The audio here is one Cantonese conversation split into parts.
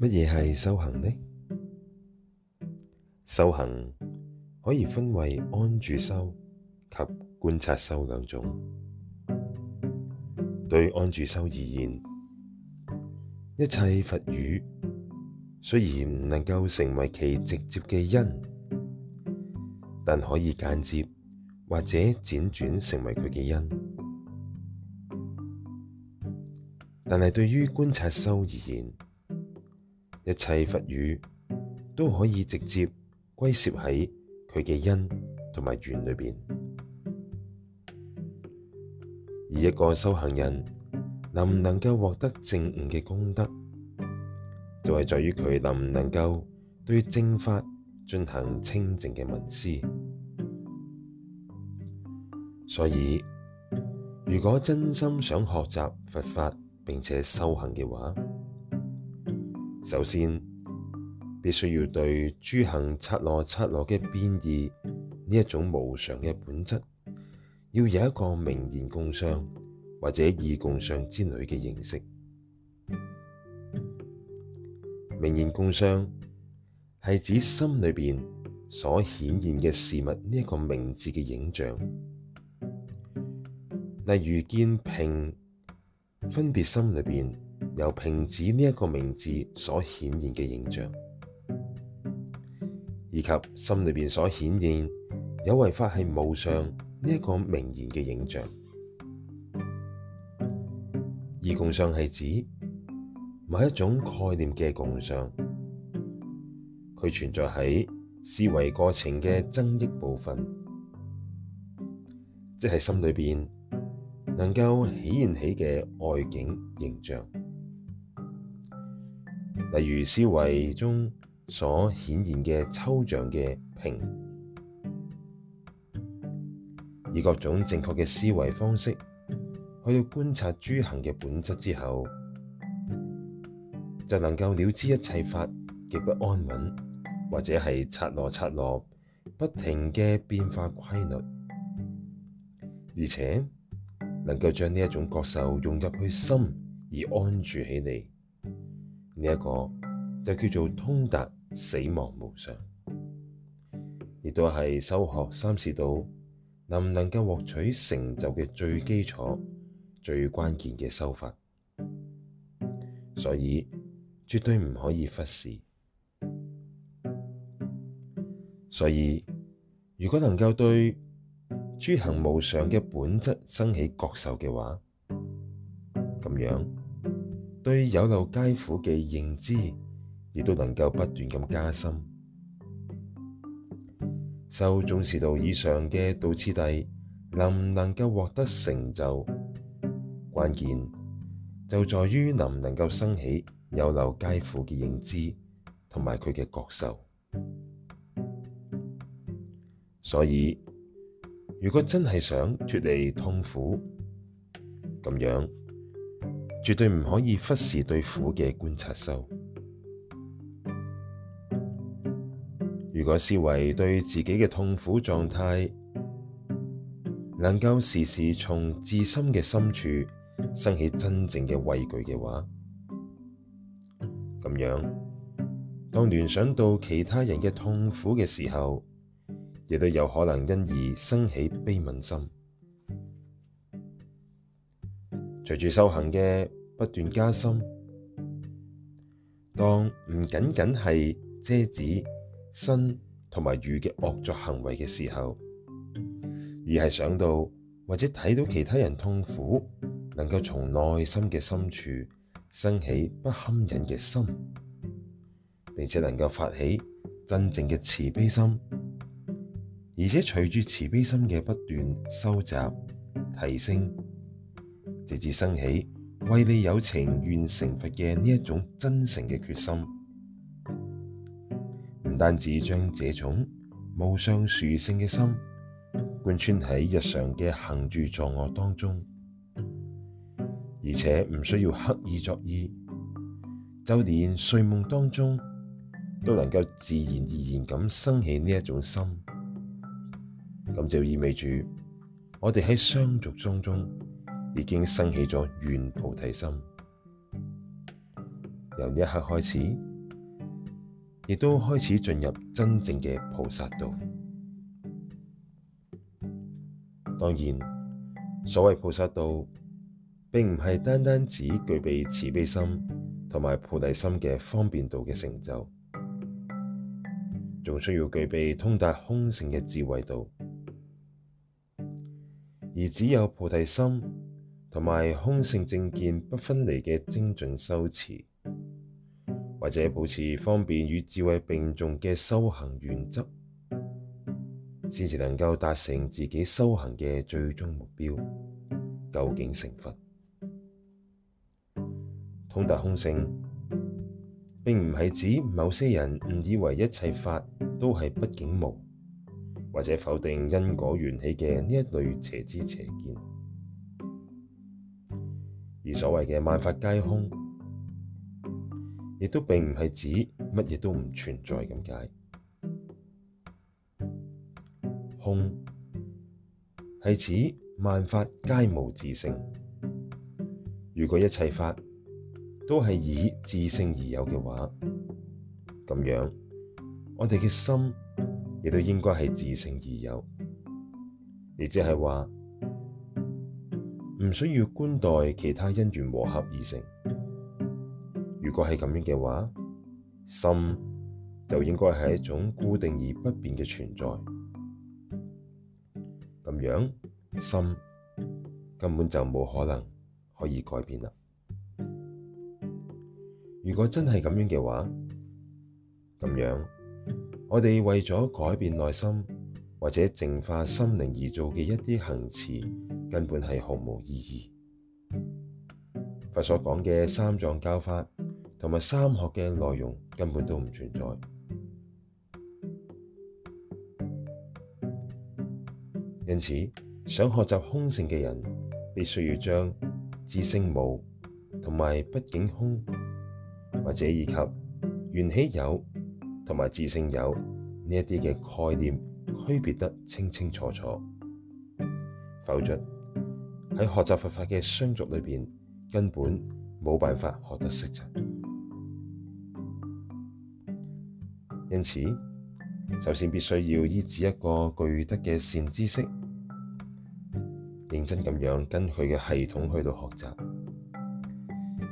乜嘢係修行呢？修行可以分為安住修及觀察修兩種。對安住修而言，一切佛語雖然唔能夠成為其直接嘅因，但可以間接或者輾轉成為佢嘅因。但係對於觀察修而言，一切佛語都可以直接歸攝喺佢嘅因同埋緣裏邊，而一個修行人能唔能夠獲得証悟嘅功德，就係、是、在於佢能唔能夠對正法進行清淨嘅聞思。所以，如果真心想學習佛法並且修行嘅話，首先，必須要對諸行剎那剎那嘅變異呢一種無常嘅本質，要有一個名言共相或者義共相之類嘅認識。名言共相係指心裏邊所顯現嘅事物呢一個名字嘅影像，例如見瓶分別心裏邊。由瓶子呢一個名字所顯現嘅影像，以及心裏邊所顯現有為法係無常呢一個名言嘅影像。義共相係指某一種概念嘅共相，佢存在喺思維過程嘅增益部分，即係心裏邊能夠顯現起嘅外境形象，例如思維中所顯現嘅抽象嘅瓶，以各種正確嘅思維方式去到觀察諸行嘅本質之後，就能夠了知一切法極不安穩，或者係剎那剎那不停嘅變化規律，而且能夠將呢一種覺受融入去心而安住起嚟。呢一個就叫做通達死亡無常，亦都係修學三士道能唔能夠獲取成就嘅最基礎、最關鍵嘅修法，所以絕對唔可以忽視。所以，如果能夠對諸行無常嘅本質生起覺受嘅話，咁樣。對有漏皆苦嘅認知，亦都能夠不斷咁加深。修中士道以上嘅道次第，能唔能夠獲得成就？關鍵就在於能唔能夠生起有漏皆苦嘅認知，同埋佢嘅覺受。所以，如果真係想脫離痛苦，咁樣。絕對唔可以忽視對苦嘅觀察修。如果思維對自己嘅痛苦狀態能夠時時從自心嘅深處生起真正嘅畏懼嘅話，咁樣當聯想到其他人嘅痛苦嘅時候，亦都有可能因而生起悲憫心。隨住修行嘅不斷加深，當唔僅僅係遮止身同埋語嘅惡作行為嘅時候，而係想到或者睇到其他人痛苦，能夠從內心嘅深處生起不堪忍嘅心，並且能夠發起真正嘅慈悲心，而且隨住慈悲心嘅不斷修習提升。直至生起，為利有情願成佛嘅呢一種真誠嘅決心，唔單止將這種無上殊勝嘅心貫穿喺日常嘅行住坐臥當中，而且唔需要刻意作意，就連睡夢當中都能夠自然而然咁生起呢一種心，咁就意味住我哋喺相續當中。已經生起咗願菩提心，由呢一刻開始，亦都開始進入真正嘅菩薩道。當然，所謂菩薩道，並唔係單單只具備慈悲心同埋菩提心嘅方便道嘅成就，仲需要具備通達空性嘅智慧道，而只有菩提心。同埋空性正見不分離嘅精進修持，或者保持方便與智慧並重嘅修行原則，先至能夠達成自己修行嘅最終目標，究竟成佛。通達空性，並唔係指某些人誤以為一切法都係畢竟無，或者否定因果緣起嘅呢一類邪知邪見。而所謂嘅萬法皆空，亦都並唔係指乜嘢都唔存在咁解。空係指萬法皆無自性。如果一切法都係以自性而有嘅話，咁樣我哋嘅心亦都應該係自性而有，亦即係話，唔需要觀待其他因緣和合而成。如果係咁樣嘅話，心就應該係一種固定而不變嘅存在。咁樣，心根本就冇可能可以改變啦。如果真係咁樣嘅話，咁樣，我哋為咗改變內心或者淨化心靈而做嘅一啲行持。根本係毫無意義。佛所講嘅三藏教法同埋三學嘅內容根本都唔存在。因此，想學習空性嘅人，必須要將自性無同埋畢竟空，或者以及緣起有同埋自性有呢一啲嘅概念區別得清清楚楚，否則。喺學習佛法嘅相續裏面，根本冇辦法學得識就。因此，首先必須要依止一個具德嘅善知識，認真咁樣跟佢嘅系統去到學習，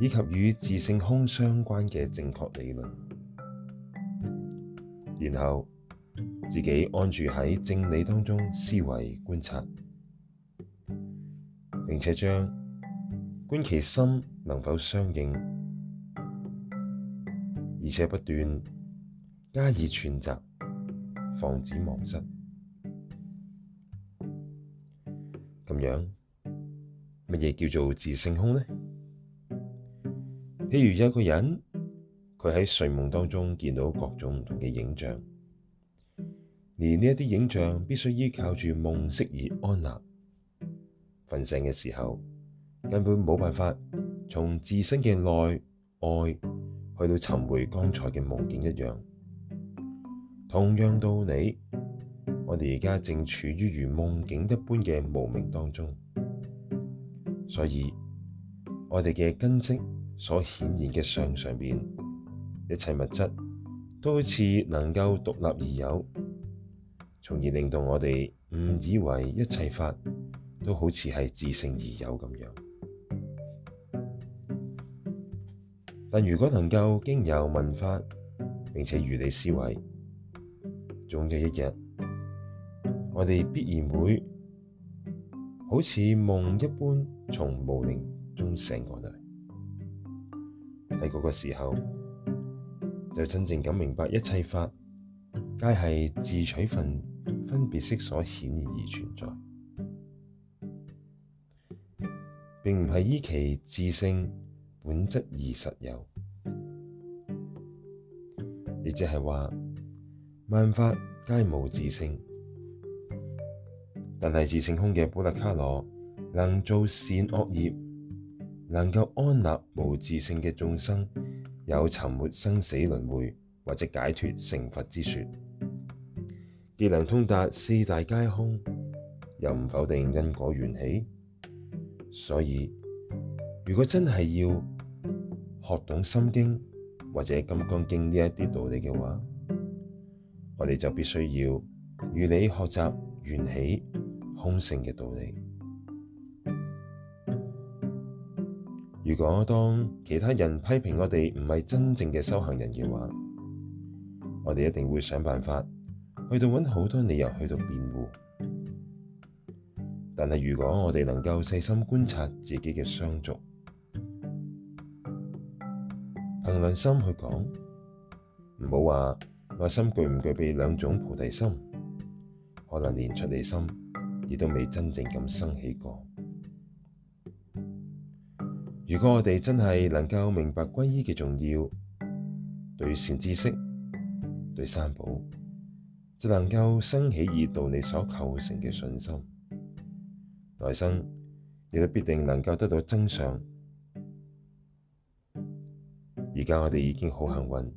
以及與自性空相關嘅正確理論，然後自己安住喺正理當中思維觀察。並且將觀其心能否相應，而且不斷加以串習，防止忘失。咁樣乜嘢叫做自性空呢？譬如有個人，佢喺睡夢當中見到各種唔同嘅影像，而呢一啲影像必須依靠住夢識而安立。瞓醒嘅時候，根本冇辦法從自身嘅內外去到尋回剛才嘅夢境一樣。同樣道理，我哋而家正處於如夢境一般嘅無明當中，所以我哋嘅根識所顯現嘅相上面，一切物質都好似能夠獨立而有，從而令到我哋誤以為一切法，都好似係自性而有咁樣，但如果能夠經由聞法，並且如理思維，總有一日，我哋必然會好似夢一般從無明中醒過來。喺嗰個時候，就真正咁明白一切法皆係自取分分別識所顯而存在。並唔係依其自性本質而實有，亦即係話，萬法皆無自性，但係自性空嘅普若卡羅補特伽羅，能造善惡業，能夠安立無自性嘅眾生，有沉沒生死輪回或者解脫成佛之說，既能通達四大皆空，又唔否定因果緣起。所以，如果真係要學懂《心經》或者《金剛經》呢一啲道理嘅話，我哋就必須要如理學習緣起空性嘅道理。如果當其他人批評我哋唔係真正嘅修行人嘅話，我哋一定會想辦法去到揾好多理由去到辯護。但係，如果我哋能夠細心觀察自己嘅相續，憑良心去講，唔好話內心具唔具備兩種菩提心，可能連出離心亦都未真正咁生起過。如果我哋真係能夠明白皈依嘅重要，對善知識，對三寶，就能夠生起以道理所構成嘅信心。來生亦都必定能夠得到增上生。而家我哋已經好幸運，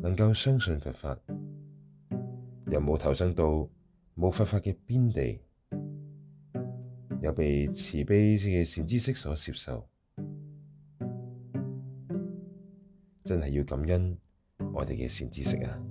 能夠相信佛法，又冇投生到冇佛法嘅邊地，又被慈悲嘅善知識所攝受。真係要感恩我哋嘅善知識啊！